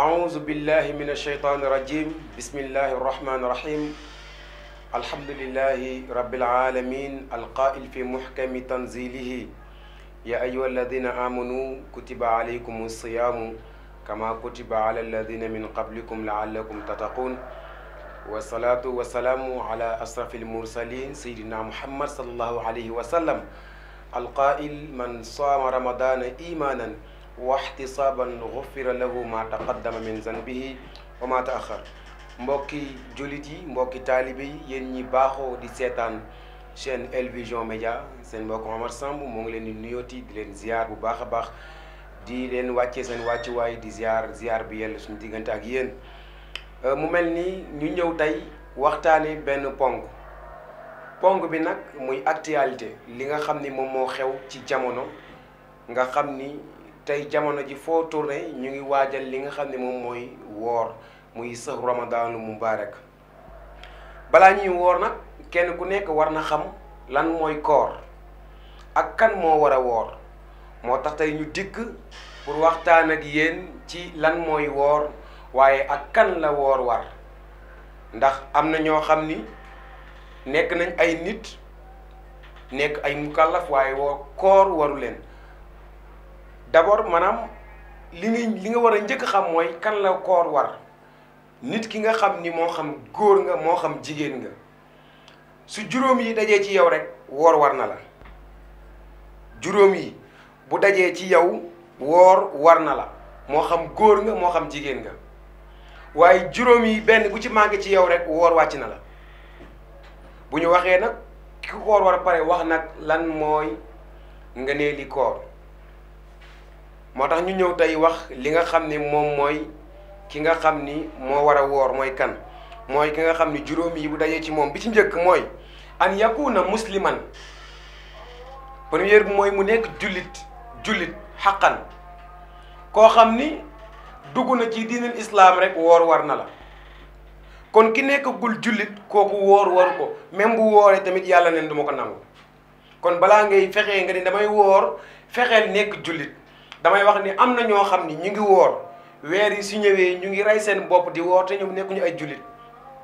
أعوذ بالله من الشيطان الرجيم بسم الله الرحمن الرحيم الحمد لله رب العالمين القائل في محكم تنزيله يا أيها الذين آمنوا كتب عليكم الصيام كما كتب على الذين من قبلكم لعلكم تتقون والصلاة والسلام على أشرف المرسلين سيدنا محمد صلى الله عليه وسلم القائل من صام رمضان إيمانا wa ihtisaaban lahu ma taqaddama min zanbihi wa mbokki mbokki ñi di seetaan chaîne El Vision seen mbokk Omar Samb mo ngi leen di di leen ziar bu a di leen seen di ziar ziar bi yàlla suñu diggante ak yéen euh, mu mel ni ñu ñëw tey waxtaane bi muy actualité li nga tey jamono ji foo tourné ñu ngi waajal li nga xam ne moom mooy woor muy sëxu ramadaanu mubaarak balaa ñuy woor nag kenn ku nekk war na xam lan mooy koor ak kan moo war a woor moo tax tey ñu dikk pour waxtaan ak yéen ci lan mooy woor waaye ak kan la woor war ndax am na ñoo xam ni nekk nañ ay nit nekk ay mukallaf waaye woor koor waru leen d'abord maanaam li nga li nga war a njëkk xam mooy kan la koor war nit ki nga xam ni moo xam góor nga moo xam jigéen nga su juróom yi dajee ci yow rek woor war na la bu dajee ci yow woor war na la moo xam góor nga moo xam jigéen nga waaye juróom yi benn bu ci mànke ci yow rek woor wàcc na la bu ñu waxee nag ki koor war a pare wax nag lan mooy nga nee li koor motax ñu ñëw tay wax li nga xamni mom moy wara ki nga xamni mo wara wor moy kan moy ki nga xamni juroom yi bu dajé ci mom bi ci ñëk moy an yakuna musliman premier moy mu nekk julit julit xaqan ko xamni duguna ci diinul islam rek wor war na la kon ki gul julit koku wor wor ko même bu woré tamit yalla neen duma ko nangu kon bala ngay fexé nga ni damay wor fexel nekk julit damay wax ni amna ño xamni ñi ngi wor weer yi su ñëwé ñu ngi ray seen bop di woor ñu nekk ñu ay julit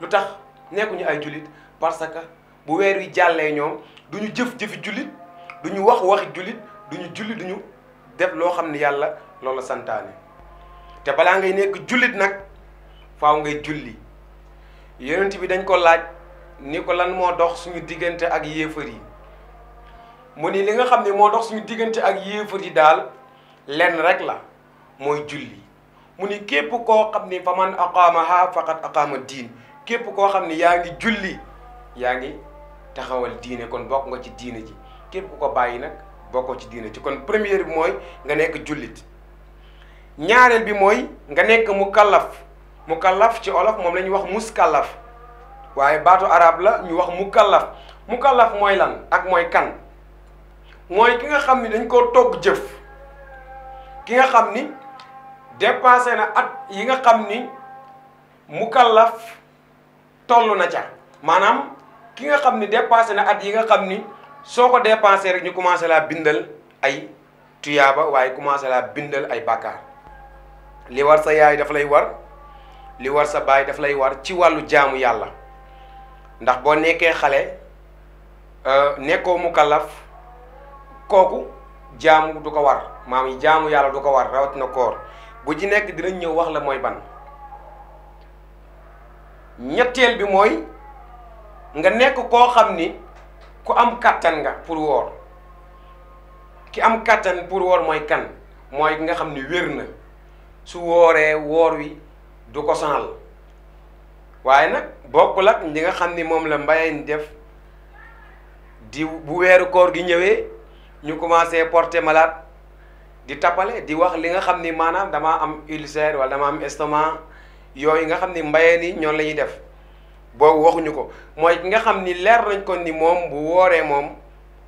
lutax nekk ñu ay julit parce que bu weer wi jàllee ñoom du ñu jëf julit duñu wax wax julit duñu du ñu julli du def lo xamni yalla loolu santane té bala ngay nekk julit nak faaw ngay julli yoonent bi dañ ko laaj ni ko lan mo dox suñu digënté ak yéefar yi mu ni li nga xamni mo dox suñu digënté ak yéefar yi dal len rek la moy julli muni kep ko xamni faman aqamaha faqat aqama din kep ko xamni yaangi julli yaangi taxawal diine kon bok nga ci diine ji kep ku ko bàyyi nag bokkoo ci diine ci kon premier bi mooy nga nek julit ñaarel bi moy nga nek mukallaf mukallaf ci olof mom lañ wax muskallaf waye baatu arab la ñu wax mukallaf mukallaf moy lan ak moy kan Moy ki nga xamni dañ ko togg jëf ki nga xam ni dépassé na at yi nga xam ni mu kallaf toll na ca maanaam ki nga xam ni dépassé na at yi nga xam ni soo ko dépassé rek ñu commencé laa bindal ay tuyaaba waaye commencé laa bindal ay bàkkaar li war sa yaay daf lay war li war sa baay daf lay war ci wàllu jaamu yàlla ndax boo nekkee xale euh, nekkoo kallaf kooku jaamu du ko war maam yi jaamu yàlla du ko war na koor bu ci nekk dinañ ñëw wax la mooy ban ñetteel bi mooy nga nekk koo xam ni ku am kàttan nga pour woor ki am kàttan pour woor mooy kan mooy nga xam ni wér na su wooree woor wi du ko sanal waaye nag ñi nga xam ni moom la mbayeen def di bu weeru koor gi ñëwee ñu commencé porter malade di tappale di wax li nga xam ni maanaam damaa am ulcère wala dama am estomac yooyu nga xam ni mbayeen yi ñoom la ñuy def boobu waxuñu ko mooy nga ni leer nañ ko ni mom bu wooree moom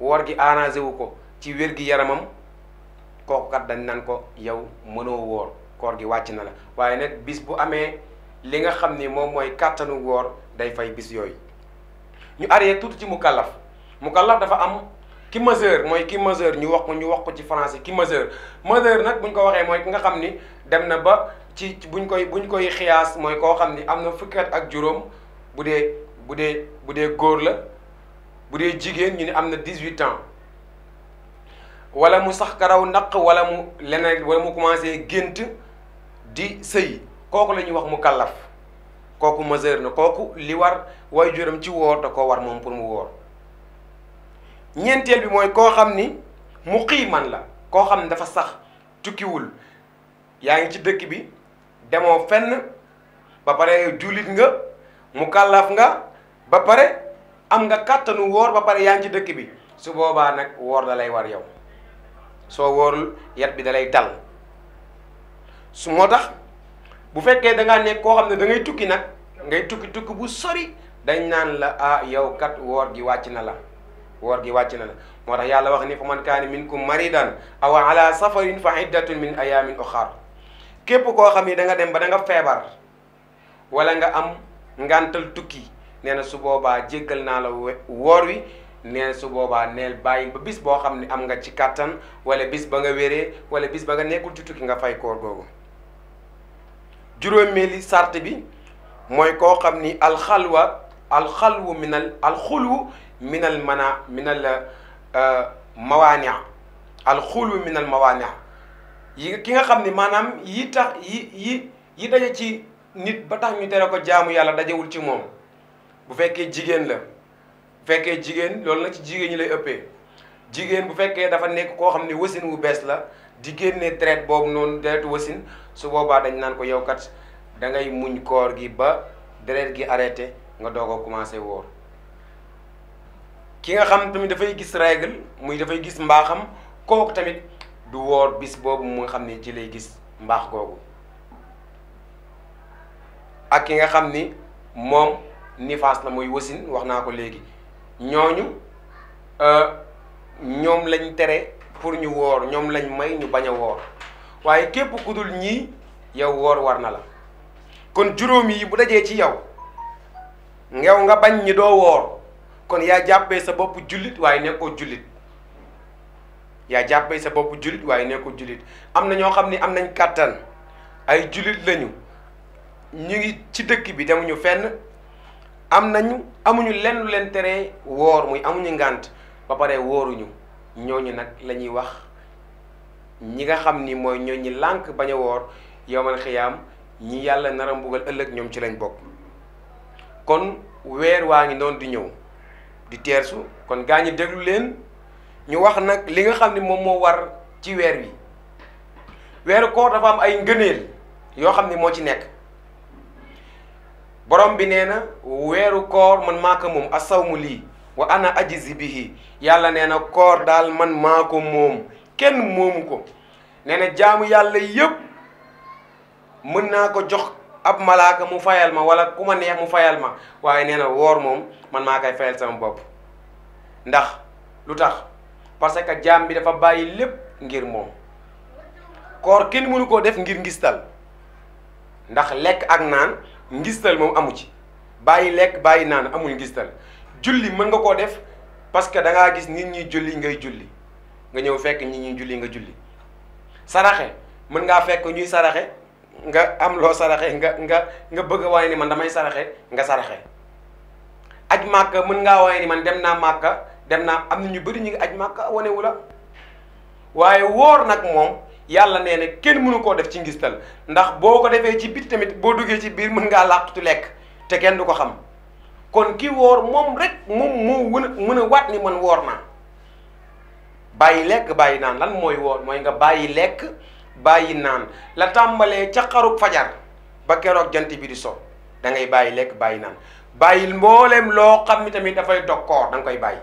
woor gi arrangé wu ko ci wér gi yaramam kat dañ nan ko yow mono wor koor gi wàcc na la waaye nag bis bu amee li nga xam mom moom mooy kàttanu woor day fay bis yooyu ñu aree tuuti ci mukallaf mukallaf dafa am ki majeur mooy ki majeur ñu wax ko ñu wax ko ci français ki majeur majeur nag buñ ko waxee mooy ki nga xam ni dem na ba ci buñ koy buñ koy xiyaas mooy koo xam ni am na fukki ak juróom bu dee bu dee bu dee góor la bu dee jigéen ñu ne am na 18 ans wala mu sax karaw naq wala mu leneen wala mu commencé gént di sëy kooku la ñuy wax mu kàllaf kooku majeur na kooku li war waajuram ci woor da koo war moom pour mu woor ñentel bi moy ko xamni ni muqiiman la ko xam dafa sax tukki wul yaangi ci dekk bi demo fenn ba pare julit nga mu nga ba pare am nga katanu wor ba pare yaangi ci dekk bi su boba nak wor da war yow so worul yat bi da lay dal su motax bu fekke da nga nek ko xam da ngay tukki nak ngay tukki tukki bu sori dañ nan la ah yow kat wor gi wacc na la woor gi wàcc na la moo tax yàlla wax ni fa man kaani minkum maridan aw ala safarin fa iddatun min ayamin uxar képp koo xam ni danga dem ba danga feebar walla nga am ngantal tukki nee na su boobaa jéggal naa la woor wi nee su boobaa neel bàyyi ba bis boo xam ne am nga ci kàttan wala bis ba nga wéree wala bis ba nga nekkul ci tukki nga fay koor googu juróomeeli sart bi mooy koo xam ni alxalwa alxalwu minal alxulwu minal mana minal uh, mawaani alxulu minal mawaani yi ki nga xam ni maanaam yi tax yi yi yi daje ci nit ba tax ñu tere ko jaamu yàlla dajewul ci moom bu fekkee jigéen la bu fekkee jigéen loolu nag ci jigéen ñi lay ëppee jigéen bu fekkee dafa nekk koo xam ne wasin wu bees la di génne traite boobu noonu deretu wasin su boobaa dañ naan ko yow kat da muñ koor gi ba deret gi arrêté nga doog a commencé wóor ki nga xam tamit fay gis règle muy fay gis mbaxam kok tamit du wor bis bobu mo nga xam ni ci lay gis mbax gogou ak ki nga xam ni moom nifaas la muy wasin waxna naa ko léegi ñooñu euh, ñom lañ tere pour ñu wor ñom lañ may ñu baña a waye waaye képp ku dul yow wor war na la kon juróom yi bu dajé ci yow ngew nga bañ ñi do wor kon yaa jàppee sa bopp jullit waaye nekkoo jullit yaa jàppee sa bopp jullit waaye nekkoo jullit am na ñoo xam ne am nañ kàttan ay jullit lañu ñu ngi ci dëkk bi demuñu fenn am nañu amuñu lenn lu leen tere woor muy amuñu ngànt ba pare wooruñu ñooñu nag lañuy wax ñi nga xam ni mooy ñooñu lànk bañ a woor yowmal xiyaam ñi yàlla nar a mbugal ëllëg ñoom ci lañ bokk kon weer waa ngi noonu di ñëw. di teersu kon gaa ñi déglu leen ñu wax nag li nga xam ne moom moo war ci weer wi weeru koor dafa am ay ngëneel yoo xam ne moo ci nekk borom bi nee na weeru koor man maa ko moom asawmu lii wa ana ajizi bihi yàlla nee na koor daal man maa ko moom kenn moomu ko nee na jaamu yàlla yépp mën naa ko jox ab malaaka mu fayal ma wala ku ma neex mu fayal ma waaye nee na woor moom man maa koy fayal sama bopp ndax lu tax parce que jaam bi dafa bàyyi lépp ngir moom koor kenn mënu koo def ngir ngistal ndax lekk ak naan ngistal moom amu ci bàyyi lekk bàyyi naan amul ngistal julli mën nga koo def parce que da ngaa gis nit ñi julli ngay julli nga ñëw fekk nit ñi julli nga julli saraxe mën ngaa fekk ñuy saraxe nga am lo saraxé nga nga nga bëgg a ni man damay saraxé nga saraxé aj makka mën nga wane ni man dem na makka dem na am na ñu bëri ñi ngi aj makka woné wula waaye wor nak mom yalla néna kenn mënu ko def ci ngistal ndax boko défé ci bit tamit bo duggé ci biir mën laq tu lek té kenn du xam kon ki wor mom rek mom mo mëna wat ni man wor na bayi lek bayi nan lan moy wor moy nga bayi lek bàyyi naan la tàmbalee ca xarub fajar ba keroog jant bi di so dangay bàyyi lekk bàyyi naan bàyyil mbooleem loo xam ni tamit dafay dog koor da koy bàyyi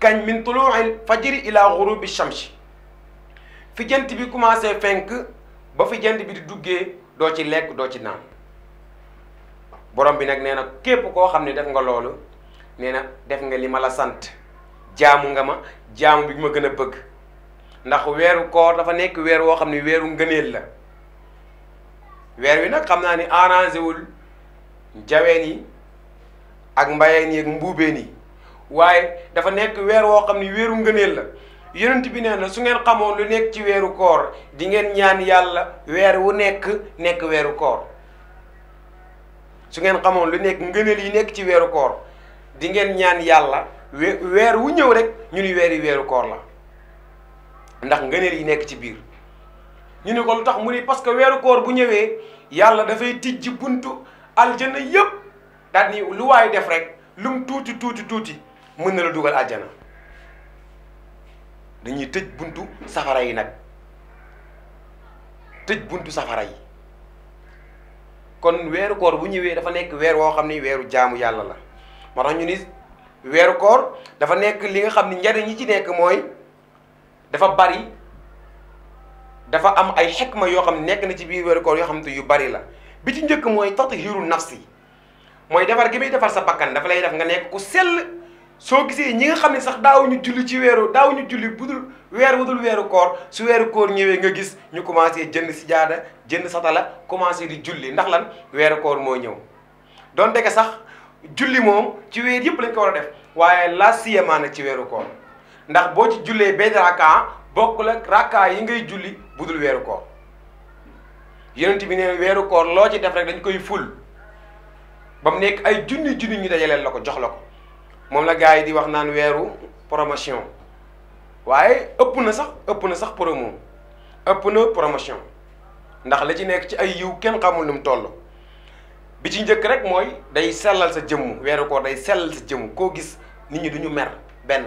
kañ min tuluuxil fajiri ila xurubi shamsi fi jant bi commencé fenk ba fi jant bi di duggee doo ci lekk doo ci naan borom bi nag nee nag képp koo xam ne def nga loolu nee na def nga li ma la sant jaamu nga ma jaamu bi ma gën a bëgg ndax weeru koor dafa nekk weer woo xam ne weeru ngëneel la weer wi nag xam naa ni arrangé wul jaween yi ak mbayeen yi ak mbuubeen yi waaye dafa nekk weer woo xam ne weeru ngëneel la yonent bi nee na su ngeen xamoon lu nekk ci weeru koor di ngeen ñaan yàlla weer wu nekk nekk weeru koor su ngeen xamoon lu nekk ngëneel yi nekk ci weeru koor di ngeen ñaan yàlla weer wu ñëw rek ñu ni weeri weeru koor la ndax ngëneel yi nekk ci biir ñu ne ko lu tax mu ni parce que weeru koor bu ñëwee yàlla dafay tijji buntu aljana yépp daal ni lu waay def rek lum tuuti tuuti tuuti mën na la dugal aljana dañuy tëj buntu safara yi nag tëj buntu safara yi kon weeru koor bu ñëwee dafa nekk weer woo xam ni weeru jaamu yàlla la moo tax ñu ni weeru koor dafa nekk li nga xam ni njariñ ci nekk mooy dafa bari dafa am ay hikma yoo xam nek na ci biir wër koor yoo xam tu yu bari la bi ci ñëk moy tathiru nafsi moy defar gi muy defar sa bakkan dafa lay def nga nek ku sel so gisé ñi nga xam sax daaw ñu julli ci wëru daaw ñu julli budul wër budul wëru koor su wëru koor ñëwé nga gis ñu commencé jënd si jaada jënd satala commencé di julli ndax lan wëru koor mo ñëw don dégg sax julli mom ci wër yëpp lañ ko wara def waye la siyamaana ci wëru koor ndax boo ci jullee benn rakka bokkul ak rakka yi ngay julli budul weeru koor yonent bi ne weeru koor loo ci def rek dañ koy ful ba mu nekk ay junni junni ñu dajaleel la ko jox la ko moom la gars yi di wax naan weeru promotion waaye ëpp na sax ëpp na sax pour promo ëpp na promotion ndax la ci nekk ci ay yiw kenn xamul nu mu toll bi ci njëkk rek mooy day sellal sa jëmm weeru koor day sellal sa jëmm koo gis nit ñi duñu mer benn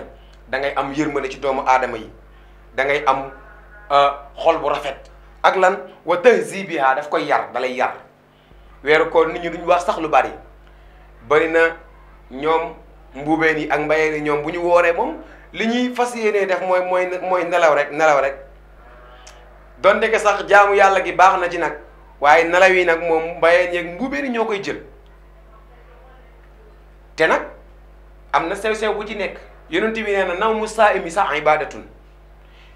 da ngay am yërmande ci doomu aadama yi da ngay am euh, xol bu rafet ak lan wa tahzibiha daf koy yar dalay yar weeru ko nit ñi duñ wax sax lu bari bari na ñoom mbuubeen yi ak mbayeen yi ñoom bu ñu wooree moom li ñuy fas yéenee def mooy mooy mooy nelaw rek nelaw rek donte que sax jaamu yàlla gi baax na ci nag waaye nelaw yi nag moom mbayeen yeeg mbuubeen yi ñoo koy jël te nag am na sew sew bu ci nekk yonent bi nee na naw mu saa imi sax ibadatun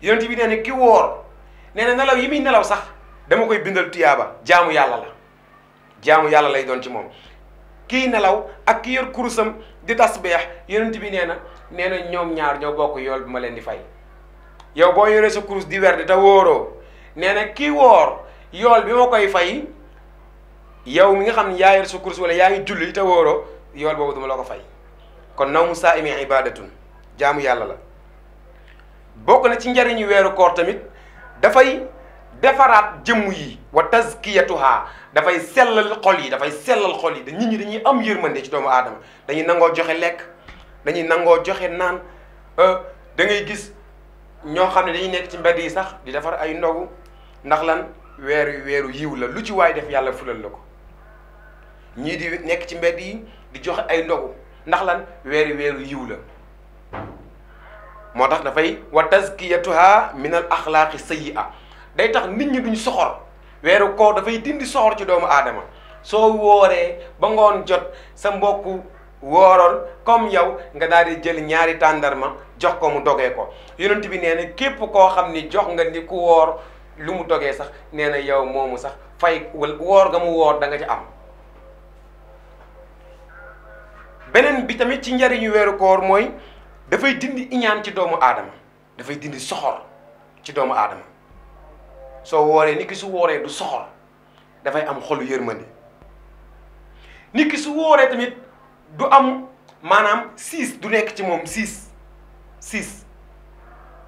yonent bi nee na woor nee na nelaw yi muy nelaw sax dama koy bindal tuyaaba jaamu yàlla la jaamu yàlla lay doon ci moom kii nelaw ak ki yor kurusam di tasbeex yonent bi nee na nee na ñoom ñaar ñoo bokk yool bi ma leen di fay yow boo yoree sa kurus di werd te wóoroo nee na kii woor yool bi ma koy fay yow mi nga xam ne yaa yor sa kurus wala yaa ngi julli ta wooro yool boobu duma la ko fay kon naw mu saa imi ibadatun jaamu yàlla la bokk na ci njariñu weeru koor tamit dafay defaraat jëmm yi wa tazkiyatuha dafay sellal xol yi dafay sellal xol yi da ñi dañuy am yërmande ci doomu aadama dañuy nangoo joxe lekk dañuy nangoo joxe naan euh, dangay gis ñoo xam ne dañuy nekk ci mbedd yi sax di defar ay ndogu ndax lan weeru weeru yiw la lu ci waay def yàlla fulal la ko ñii di nekk ci mbedd yi di joxe ay ndogu ndax lan weeru weeru yiw la motax da fay wa tazkiyatuha min al akhlaq sayyi'a day tax nit ñi duñ soxor ko da fay dindi soxor ci doomu adama so woré ba ngon jot sa mbokku woron comme yow nga daal di jël ñaari tandarma jox ko mu dogé ko yonent bi néna képp ko xamni ni jox nga ni ku wor lu mu dogé sax néna yow momu sax fay wala wor nga mu woor da nga ci am benen bi tamit ci wéru koor moy dafay dindi iñaan ci doomu aadama dafay dindi soxor ci doomu aadama soo wooree nit su wooree du soxor dafay am xolu yërmande nit ki su wooree tamit du am maanaam siis du nekk ci moom siis siis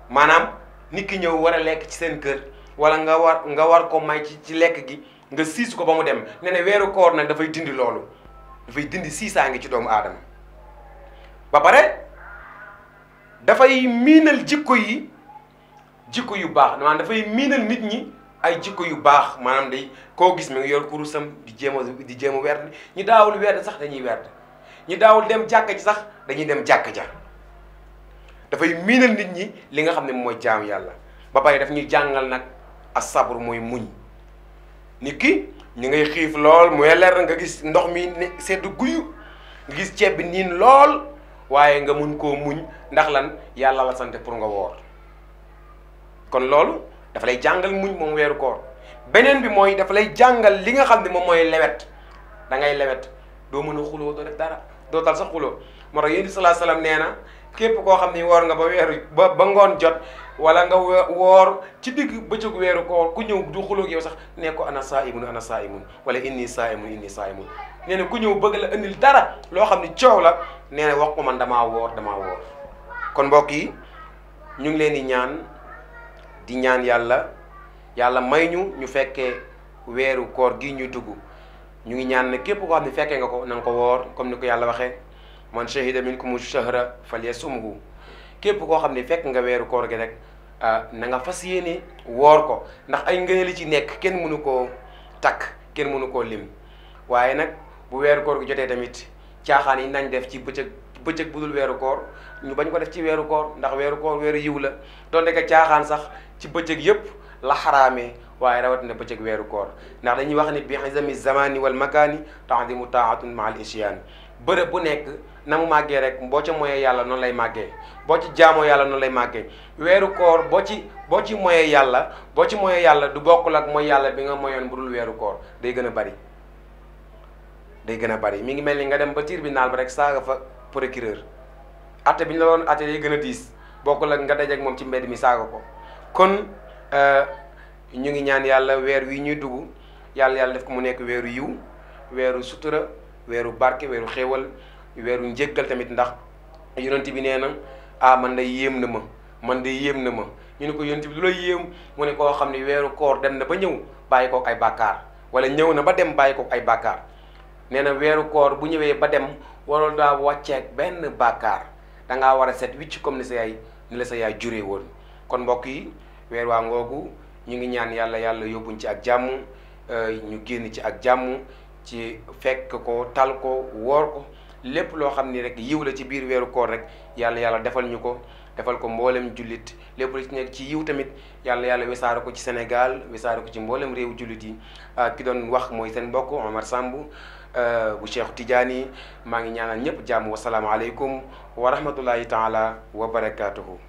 maanaam nit ki ñëw war a lekk ci seen kër wala nga war nga war ko may ci ci lekk gi nga siis ko ba mu dem ne ne weeru koor nag dafay dindi loolu dafay dindi siisaa ngi ci doomu aadama ba pare dafay miinal jikko yi jikko yu baax maanaam dafay miinal nit ñi ay jikko yu baax maanaam day koo gis mi ngi yor kurusam di jéem a di jéem a ñi daawul werd sax dañuy werd ñi daawul dem jàkk ji sax dañuy dem jàkk ja dafay miinal nit ñi li nga xam ne mooy jaam yàlla ba pare daf ñuy jàngal nag as sabr mooy muñ nit ki ñu ngay xiif lool mooy leer nga gis ndox mi ne sedd guyu nga gis ceeb bi niin lool waye nga mën ko muñ ndax lan yalla la sante pour nga wor kon lolu dafa lay jangal muñ mom wéru ko benen bi moy dafa lay jangal li nga xamni mom moy lewet da ngay lewet do mëna xulo do def dara do tal sax xulo mo ra yéen sallallahu alayhi salaam nee na képp koo ni nga ba wéru ba ngon jot wala nga wor ci digg bëccëg wéru ko ku ñew du xulo ak yow sax ne ko ana saimun ana saimun wala inni saimun inni saimun nee ku ñew bëgg la andil dara lo xamni ciow la nee wax ko man dama wor dama wor kon mbok yi ñu ngi leen di ñaan di ñaan yalla yalla may ñu ñu fekke wéru koor gi ñu dugg ñu ngi ñaan ne képp koo xam ne fekkee nga ko nang ko wor comme ni ko man shahida minkum shahra falyasumhu képp koo xam ne nga wéru koor gi rek ah, na nga fas yéene ko ndax ay ci nekk kenn mënu koo takk kenn mënu koo lim waaye nag bu weeru koor gi jotee tamit caaxaan yi nañ def ci bëccëg bëccëg budul weeru koor ñu bañ ko def ci weeru koor ndax weeru koor weeru yiw la donte que caaxaan sax ci bëccëg yëpp la xaraamee waaye rawatina bëccëg weeru koor ndax dañuy wax ni bi xisami zamani wal makaani taadimu taatun ma al isyan bërëb bu nekk na mu màggee rek boo ca moyee yàlla noonu lay màggee boo ci jaamoo yàlla noonu lay màggee weeru koor boo ci boo ci moyee yàlla boo ci moyee yàlla du bokkul ak mooy yàlla bi nga moyoon bu dul weeru koor day gën a bari day gën a bari mi ngi mel ni nga dem ba tribunal ba rek saaga fa procureur ate bi ñu la doon atte day gën a diis bokkul ak nga dajeek moom ci mbedd mi saaga ko kon euh, ñu ngi ñaan yàlla weer wi ñuy dugg yàlla yàlla def ko mu nekk weeru yiw weeru sutura weeru barke weeru xéewal weeru njéggal tamit ndax yonent bi nee na ah man day yéem na ma man de yéem na ma ñu ne ko yonent bi lu la yéem mu ne koo xam ne weeru koor dem na ba ñëw bàyyi kook ay bàkkaar wala ñëw na ba dem bàyyi kook ay bàkkaar nee na weeru koor bu ñëwee ba dem warul daa wàcceeg benn bàkkaar danga ngaa war a set wicc comme ni sa yaay ni la sa yaay juree woon kon mbokk yi weer waa ngoogu ñu ngi ñaan yàlla yàlla yóbbuñ ci ak jàmm euh, ñu génn ci ak jàmm ci fekk ko tal ko woor ko lépp loo xam ni rek yiw la ci biir weeru koor rek yàlla yàlla defal ñu ko defal ko mboolem jullit lépp lu ci nekk ci yiw tamit yàlla yàlla wesaare ko ci Sénégal wesaare ko ci mboolem réew jullit yi ah, ki doon wax mooy seen mbokk Omar Samb bu Cheikh Tidiane maa ngi ñaanal ñëpp jàmm wasalaamaaleykum wa rahmatullahi taala wa barakaatuhu